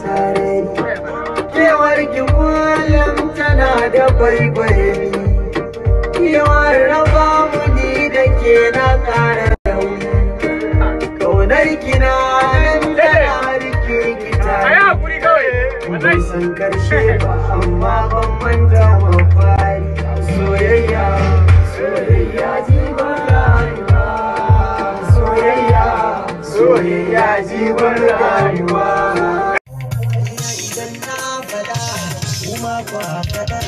sarari kewar malam tana da baibayi kewar raba mu ni da ke na ƙara rauni kaunar kina tana rike gita san karshe ba amma ban manta ma fari soyayya soyayya jibar rayuwa soyayya soyayya rayuwa Janna Fada, Uma Kwa Fada.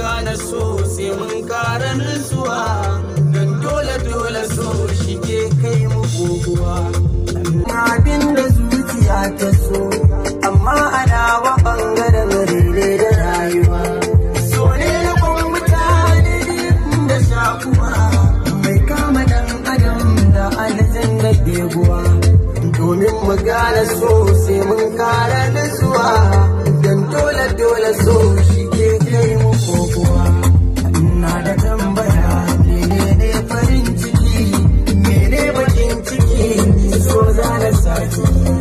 gane so sai mun kara nutsuwa don dole dole so shi ke kai mu kokuwa abin da zuciya ta so amma ana wa bangaren rere da rayuwa so ne na kwan mutane da shakuwa mai kama dan adam da aljan da beguwa domin mu gane so sai mun kara nutsuwa Bye.